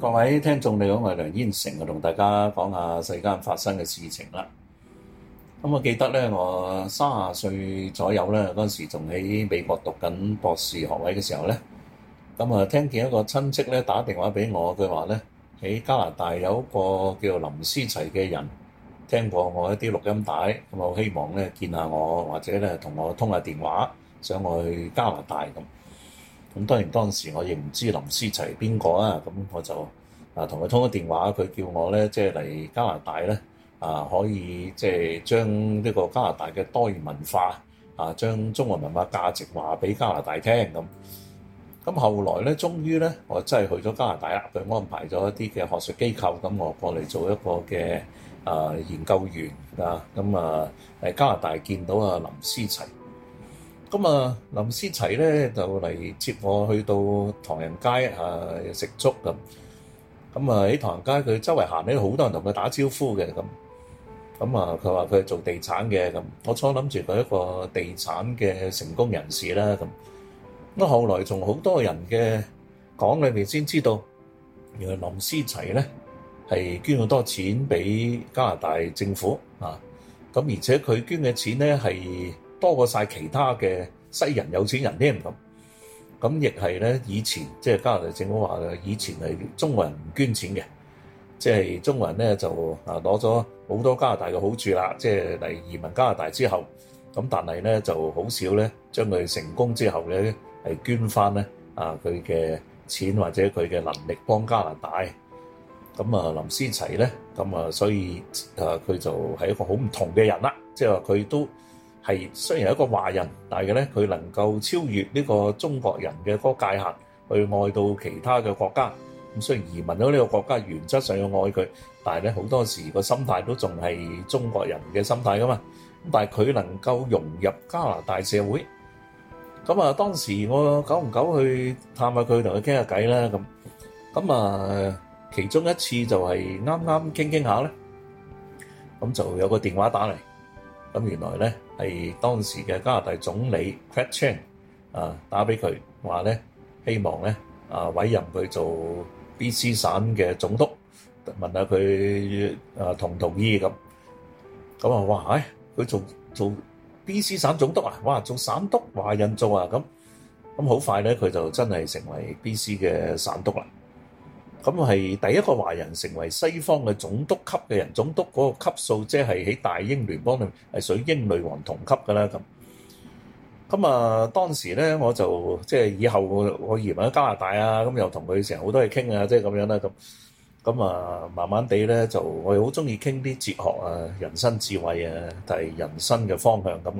各位聽眾，你好，我係梁燕成，我同大家講下世間發生嘅事情啦。咁我記得咧，我卅歲左右咧，嗰陣時仲喺美國讀緊博士學位嘅時候咧，咁啊聽見一個親戚咧打電話俾我，佢話咧喺加拿大有一個叫林思齊嘅人聽過我一啲錄音帶，咁我希望咧見下我，或者咧同我通下電話，想我去加拿大咁。咁當然當時我亦唔知林思齊係邊個啊，咁我就啊同佢通咗電話，佢叫我咧即係嚟加拿大咧啊，可以即係將呢個加拿大嘅多元文化啊，將中華文，文化價值話俾加拿大聽咁。咁後來咧，終於咧，我真係去咗加拿大啦，佢安排咗一啲嘅學術機構，咁我過嚟做一個嘅啊研究員啊，咁啊喺加拿大見到啊林思齊。咁啊，林思齊咧就嚟接我去到唐人街啊，食粥咁。咁啊喺唐人街佢周圍行咧，好多人同佢打招呼嘅咁。咁啊，佢話佢係做地產嘅咁。我初諗住佢一個地產嘅成功人士啦。咁咁後來仲好多人嘅講裏面先知道，原來林思齊咧係捐好多錢俾加拿大政府啊。咁而且佢捐嘅錢咧係。多過晒其他嘅西人有錢人添咁，咁亦係咧以前即係、就是、加拿大政府話嘅，以前係中國人唔捐錢嘅，即、就、係、是、中國人咧就啊攞咗好多加拿大嘅好處啦，即係嚟移民加拿大之後，咁但係咧就好少咧將佢成功之後咧係捐翻咧啊佢嘅錢或者佢嘅能力幫加拿大，咁啊林思齊咧，咁啊所以啊佢就係一個好唔同嘅人啦，即係話佢都，係雖然係一個華人，但係佢咧佢能夠超越呢個中國人嘅嗰個界限，去愛到其他嘅國家。咁雖然移民到呢個國家，原則上要愛佢，但係咧好多時個心態都仲係中國人嘅心態㗎嘛。咁但係佢能夠融入加拿大社會。咁啊，當時我久唔久去探下佢，同佢傾下偈啦咁。咁啊，其中一次就係啱啱傾傾下咧，咁就有個電話打嚟。咁原來咧係當時嘅加拿大總理 Chrétien 啊，打俾佢話咧，希望咧啊，委任佢做 BC 省嘅總督，問下佢啊，同唔同意咁。咁啊，哇，唉，佢做做 BC 省總督啊，哇，做省督，華人做啊。咁咁好快咧，佢就真係成為 BC 嘅省督啦。咁係第一個華人成為西方嘅總督級嘅人，總督嗰個級數，即係喺大英聯邦度係屬於英女王同級噶啦。咁咁啊，當時咧我就即係、就是、以後我移民喺加拿大啊，咁又同佢成日好多嘢傾啊，即係咁樣啦。咁咁啊，慢慢地咧就我好中意傾啲哲學啊、人生智慧啊，但係人生嘅方向咁。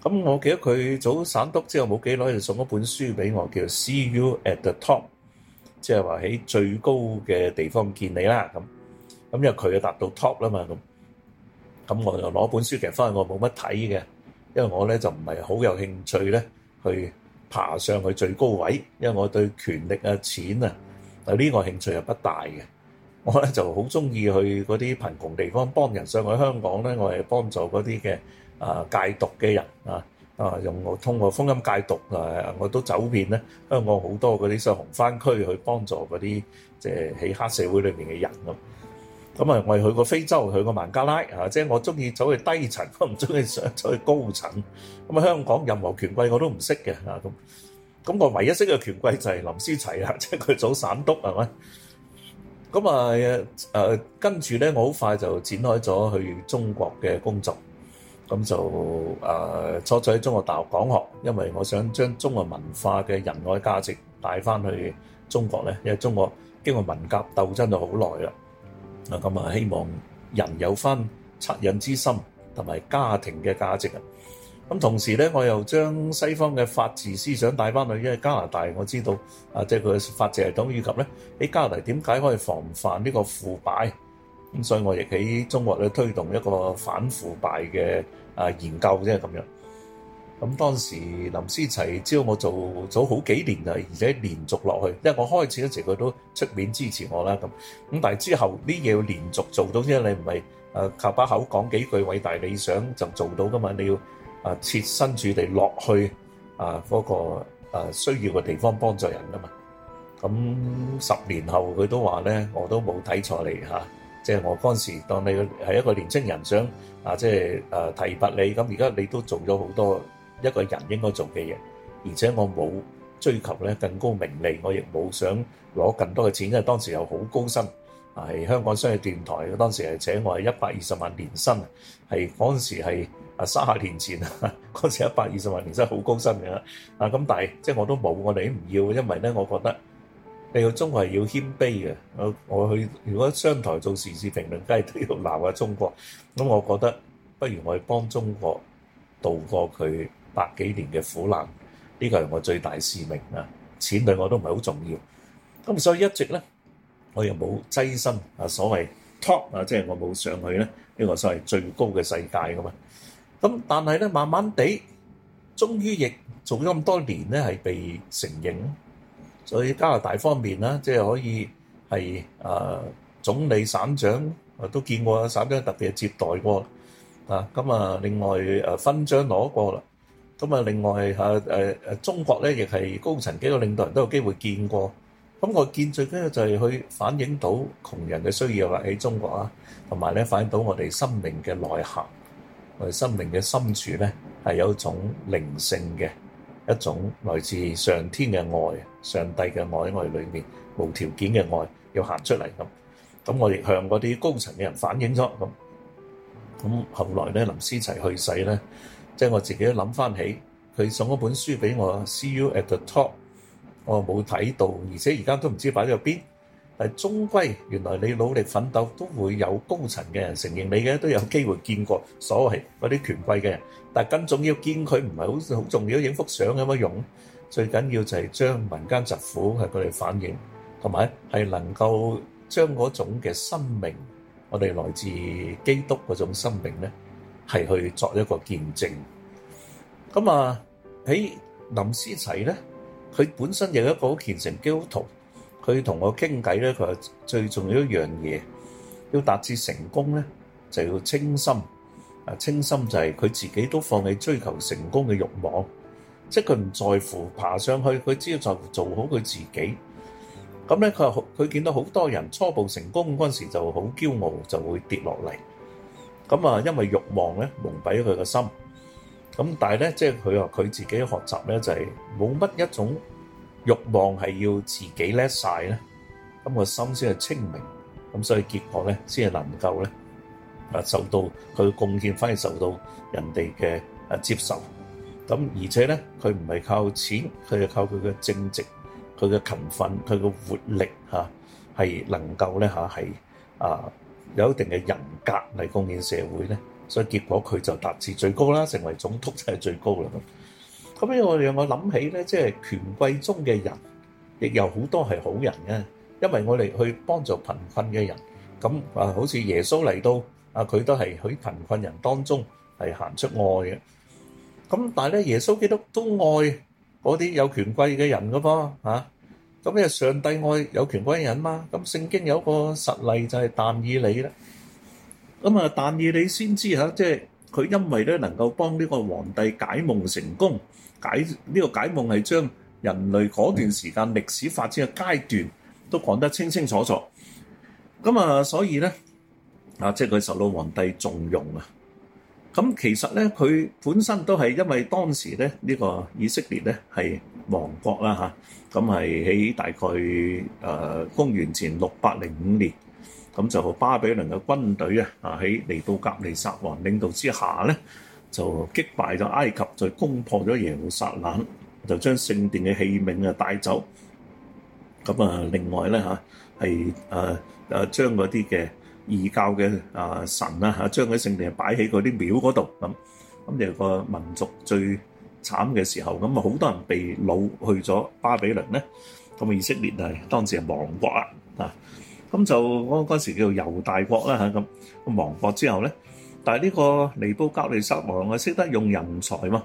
咁我記得佢早省督之後冇幾耐就送咗本書俾我，叫 See You at the Top。即係話喺最高嘅地方見你啦，咁咁因為佢又達到 top 啦嘛，咁咁我又攞本書，其實翻去我冇乜睇嘅，因為我咧就唔係好有興趣咧去爬上去最高位，因為我對權力啊、錢啊啊呢個興趣又不大嘅，我咧就好中意去嗰啲貧窮地方幫人上，去香港咧我係幫助嗰啲嘅啊戒毒嘅人啊。啊！用我通過福音戒毒啊！我都走遍咧香港好多嗰啲上紅番區，去幫助嗰啲即係喺黑社會裏面嘅人咁。咁啊，啊，我去過非洲，去過孟加拉啊！即係我中意走去低層，我唔中意上走去高層。咁啊，香港任何權貴我都唔識嘅嚇咁。咁我唯一識嘅權貴就係林思齊啦，即係佢做省督係咪？咁啊，啊跟住咧，我好快就展開咗去中國嘅工作。咁就誒、呃、初初喺中國大學講學，因為我想將中國文化嘅仁愛價值帶翻去中國咧，因為中國經過文革鬥爭咗好耐啦。啊，咁啊，希望人有翻惻隱之心，同埋家庭嘅價值啊。咁同時咧，我又將西方嘅法治思想帶翻去，因為加拿大我知道啊，即係佢嘅法治系統，以及咧喺加拿大點解可以防範呢個腐敗？咁所以我亦喺中國咧推動一個反腐敗嘅啊研究啫。咁樣咁當時林思齊知道我做咗好幾年啊，而且連續落去，因為我開始嗰時佢都出面支持我啦。咁咁但係之後呢嘢要連續做到，因為你唔係誒靠把口講幾句偉大理想就做到噶嘛。你要啊設身處地落去啊嗰個需要嘅地方幫助人噶嘛。咁十年後佢都話咧，我都冇睇錯你嚇。即係我當時當你係一個年青人，想啊，即係誒提拔你。咁而家你都做咗好多一個人應該做嘅嘢，而且我冇追求咧更高名利，我亦冇想攞更多嘅錢。因為當時又好高薪，係香港商業電台當時係請我係一百二十萬年薪，係嗰陣時係啊三十年前啊，嗰時一百二十萬年薪好高薪嘅。啊咁，但係即係我都冇，我哋都唔要，因為咧，我覺得。你個中國係要謙卑嘅，我我去如果商台做時事評論，梗係都要鬧下中國。咁我覺得不如我去幫中國度過佢百幾年嘅苦難，呢個係我最大使命啊！錢對我都唔係好重要。咁所以一直咧，我又冇躋身啊所謂 top 啊，即係我冇上去咧呢個所謂最高嘅世界噶嘛。咁但係咧，慢慢地，終於亦做咗咁多年咧，係被承認。所以加拿大方面咧，即係可以係誒總理、省長我都見過啦，省長特別接待過。啊，咁啊，另外誒勳章攞過啦。咁啊，另外嚇誒誒中國咧，亦係高層幾個領導人都有機會見過。咁我見最緊要就係去反映到窮人嘅需要啦，喺中國啦，同埋咧反映到我哋心靈嘅內涵，我哋心靈嘅深處咧係有一種靈性嘅。一種來自上天嘅愛，上帝嘅愛喺我裏面，無條件嘅愛，要行出嚟咁。咁我亦向嗰啲高層嘅人反映咗咁。咁後來咧，林思齊去世咧，即係我自己諗翻起，佢送咗一本書俾我，See you at the top，我冇睇到，而且而家都唔知擺咗邊。但係終歸原來你努力奮鬥都會有高層嘅人承認你嘅，都有機會見過所謂嗰啲權貴嘅人。但係更重要見佢唔係好好重要，影幅相有乜用？最緊要就係將民間疾苦係佢哋反映，同埋係能夠將嗰種嘅生命，我哋來自基督嗰種生命咧，係去作一個見證。咁啊喺林思齊咧，佢本身有一個虔誠基督徒。佢同我傾偈咧，佢話最重要一樣嘢要達至成功咧，就要清心。啊，清心就係佢自己都放棄追求成功嘅慾望，即係佢唔在乎爬上去，佢只要在乎做好佢自己。咁咧，佢話佢見到好多人初步成功嗰陣時就好驕傲，就會跌落嚟。咁啊，因為慾望咧蒙蔽咗佢嘅心。咁但係咧，即係佢話佢自己學習咧就係冇乜一種。慾望係要自己叻曬咧，咁個心先係清明，咁所以結果咧先係能夠咧啊受到佢嘅貢獻，反而受到人哋嘅啊接受。咁而且咧佢唔係靠錢，佢係靠佢嘅正直、佢嘅勤奮、佢嘅活力嚇，係能夠咧嚇係啊有一定嘅人格嚟貢獻社會咧。所以結果佢就達至最高啦，成為總督就係最高啦。咁咧，我哋我諗起咧，即係權貴中嘅人，亦有好多係好人嘅。因為我哋去幫助貧困嘅人，咁啊，好似耶穌嚟到啊，佢都係喺貧困人當中係行出愛嘅。咁但係咧，耶穌基督都愛嗰啲有權貴嘅人噶噃嚇。咁啊，上帝愛有權貴嘅人嘛？咁聖經有一個實例就係但以理啦。咁啊，但以理先知嚇，即係佢因為咧能夠幫呢個皇帝解夢成功。解呢、呢個解夢係將人類嗰段時間歷、嗯、史發展嘅階段都講得清清楚楚，咁啊，所以咧啊，即係佢受到皇帝重用啊。咁其實咧，佢本身都係因為當時咧呢、呢個以色列咧係亡國啦吓，咁係喺大概誒、呃、公元前六百零五年，咁就巴比倫嘅軍隊啊啊喺尼布甲尼撒王領導之下咧，就擊敗咗埃及，就攻破咗耶路撒冷，就將聖殿嘅器皿啊帶走。咁啊，另外咧嚇係誒誒將嗰啲嘅異教嘅啊神啊嚇將嗰聖殿擺喺嗰啲廟嗰度。咁咁就個民族最慘嘅時候，咁啊好多人被擄去咗巴比倫咧。咁啊，以色列係當時係亡國啦，啊咁就嗰嗰時叫做猶大國啦，嚇咁亡國之後咧。但係呢個尼布甲尼撒王啊，識得用人才嘛？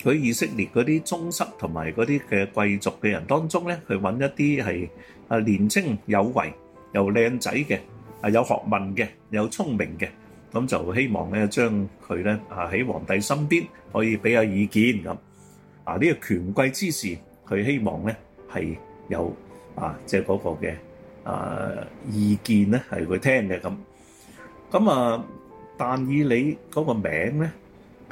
佢以色列嗰啲宗室同埋嗰啲嘅貴族嘅人當中咧，佢揾一啲係啊年青有為又靚仔嘅啊有學問嘅有聰明嘅，咁就希望咧將佢咧啊喺皇帝身邊可以俾啊意見咁啊，呢個權貴之士，佢希望咧係有啊即係嗰個嘅啊意見咧係佢聽嘅咁咁啊。但以你嗰個名咧，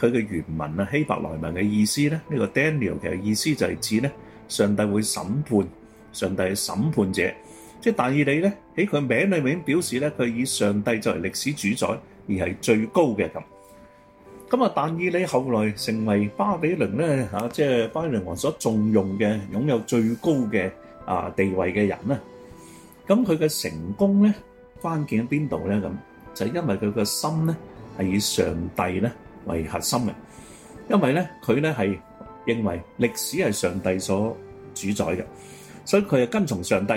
佢嘅原文啊希伯來文嘅意思咧，呢、這個 Daniel 其實意思就係指咧上帝會審判，上帝係審判者，即係但以你咧喺佢名裏面表示咧，佢以上帝作為歷史主宰而係最高嘅咁。咁啊，但以你後來成為巴比倫咧啊，即係巴比倫王所重用嘅，擁有最高嘅啊地位嘅人咧，咁佢嘅成功咧關鍵喺邊度咧咁？就因為佢個心咧係以上帝咧為核心嘅，因為咧佢咧係認為歷史係上帝所主宰嘅，所以佢係跟從上帝。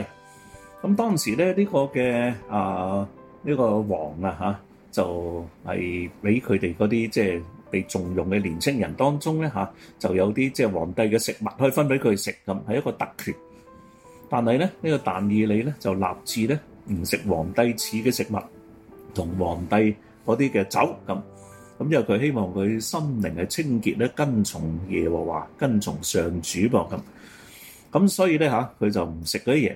咁當時咧呢個嘅啊呢個王啊嚇就係俾佢哋嗰啲即係被重用嘅年青人當中咧，嚇就有啲即係皇帝嘅食物可以分俾佢食，咁係一個特權，但係咧呢個但以理咧就立志咧唔食皇帝賜嘅食物。同皇帝嗰啲嘅酒咁咁，因為佢希望佢心靈嘅清潔咧，跟從耶和華，跟從上主噃咁。咁所以咧吓佢就唔食嗰啲嘢。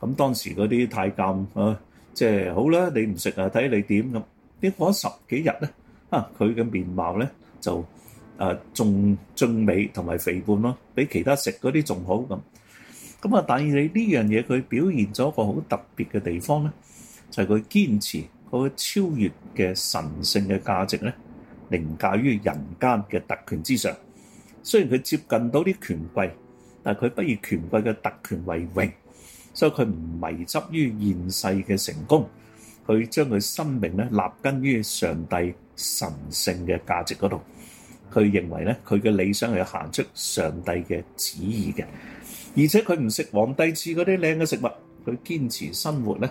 咁當時嗰啲太監啊，即係好啦，你唔食啊，睇你點咁。你過咗十幾日咧，啊佢嘅面貌咧就誒仲俊美同埋肥胖咯，比其他食嗰啲仲好咁。咁啊，但係你呢樣嘢佢表現咗一個好特別嘅地方咧，就係佢堅持。佢超越嘅神聖嘅價值咧，凌駕於人間嘅特權之上。雖然佢接近到啲權貴，但係佢不以權貴嘅特權為榮，所以佢唔迷執於現世嘅成功。佢將佢生命咧立根於上帝神聖嘅價值嗰度。佢認為咧，佢嘅理想係行出上帝嘅旨意嘅，而且佢唔食皇帝賜嗰啲靚嘅食物，佢堅持生活咧。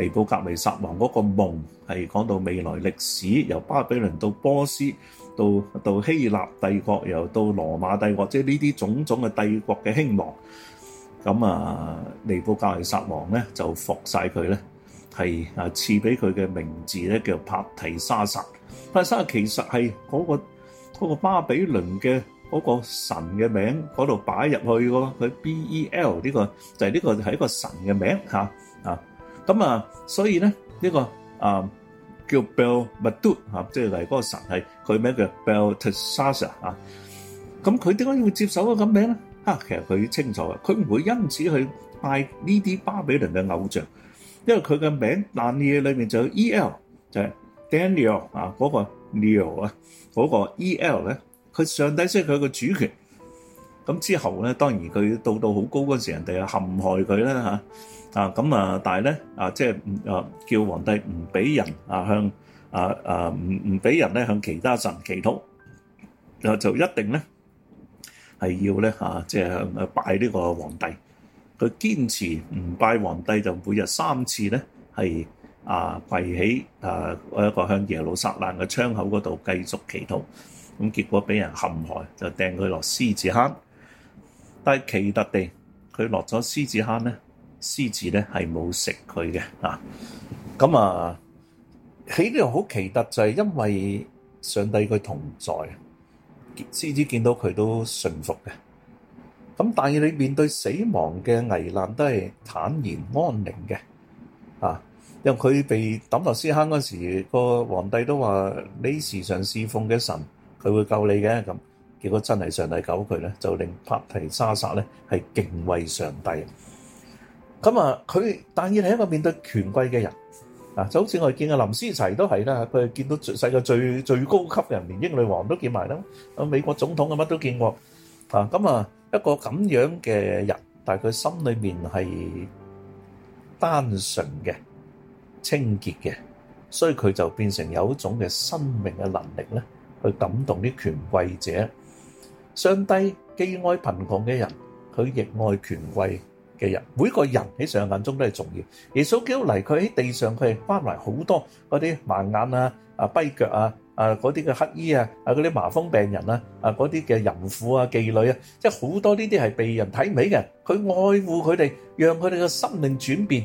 尼布甲尼撒王嗰個夢係講到未來歷史，由巴比倫到波斯，到到希臘帝國，又到羅馬帝國，即係呢啲種種嘅帝國嘅興亡。咁啊，尼布甲尼撒王咧就服曬佢咧，係啊賜俾佢嘅名字咧叫帕提沙撒。帕提沙撒其實係嗰個嗰個巴比倫嘅嗰個神嘅名嗰度擺入去嘅，佢 B E L 呢個就係，呢個係一個神嘅名嚇。咁啊，所以咧呢、呢個啊叫 Bel Medut 啊，即係嚟嗰個神係佢名叫 Belteshazzar 啊。咁佢點解會接受個咁名咧？啊，其實佢清楚嘅，佢唔會因此去拜呢啲巴比倫嘅偶像，因為佢嘅名 Daniel 裏面就有 E.L，就係 Daniel 啊嗰個 Neo 啊嗰個 E.L 咧，佢上帝識佢個主權。咁之後咧，當然佢到到好高嗰時候，人哋啊陷害佢啦吓。啊啊咁啊！但係咧啊，即係唔啊叫皇帝唔俾人啊向啊啊唔唔俾人咧向其他神祈禱，就就一定咧係要咧嚇即係向拜呢個皇帝。佢堅持唔拜皇帝，就每日三次咧係啊跪喺啊一個向耶路撒冷嘅窗口嗰度繼續祈禱。咁結果俾人陷害，就掟佢落獅子坑。但係奇特地，佢落咗獅子坑咧。獅子咧係冇食佢嘅啊，咁啊喺呢個好奇特就係因為上帝佢同在，獅子見到佢都順服嘅。咁但係你面對死亡嘅危難都係坦然安寧嘅啊，因為佢被抌落獅坑嗰時，個皇帝都話：你時常侍奉嘅神，佢會救你嘅。咁結果真係上帝救佢咧，就令帕提沙薩咧係敬畏上帝。咁啊，佢但係佢係一個面對權貴嘅人，啊就好似我哋見阿林思齊都係啦，佢見到世界最最高級嘅人，連英女王都見埋啦，啊美國總統佢乜都見過，啊咁啊一個咁樣嘅人，但佢心裏面係單純嘅、清潔嘅，所以佢就變成有一種嘅生命嘅能力咧，去感動啲權貴者。上帝既愛貧窮嘅人，佢亦愛權貴嘅人，每個人喺上帝眼中都係重要。耶穌基督嚟，佢喺地上，佢係關懷好多嗰啲盲眼啊、啊跛腳啊、啊嗰啲嘅乞衣啊、啊嗰啲麻風病人啊、啊嗰啲嘅淫婦啊、妓女啊，即係好多呢啲係被人睇唔起嘅。佢愛護佢哋，讓佢哋嘅生命轉變。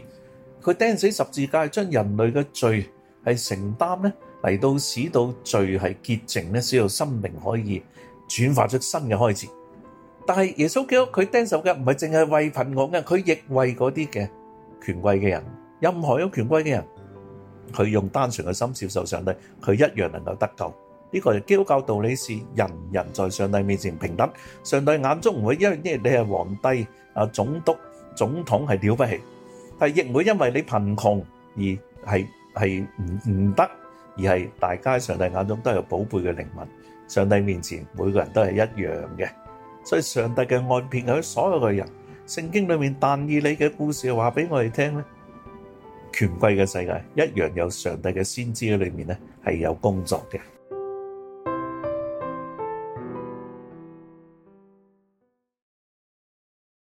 佢釘死十字架，將人類嘅罪係承擔咧，嚟到使到罪係潔淨咧，使到生命可以轉化出新嘅開始。但係耶穌基督佢掟手腳唔係淨係為貧窮嘅，佢亦為嗰啲嘅權貴嘅人，任何有權貴嘅人，佢用單純嘅心接受上帝，佢一樣能夠得救。呢個係基督教道理，是人人在上帝面前平等。上帝眼中唔會因為你係皇帝、啊總督、總統係了不起，但係亦唔會因為你貧窮而係係唔唔得，而係大家喺上帝眼中都係有寶貝嘅靈魂。上帝面前每個人都係一樣嘅。所以上帝嘅愛遍許所有嘅人，聖經裏面但以理嘅故事話俾我哋聽咧，權貴嘅世界一樣有上帝嘅先知喺裏面是係有工作嘅。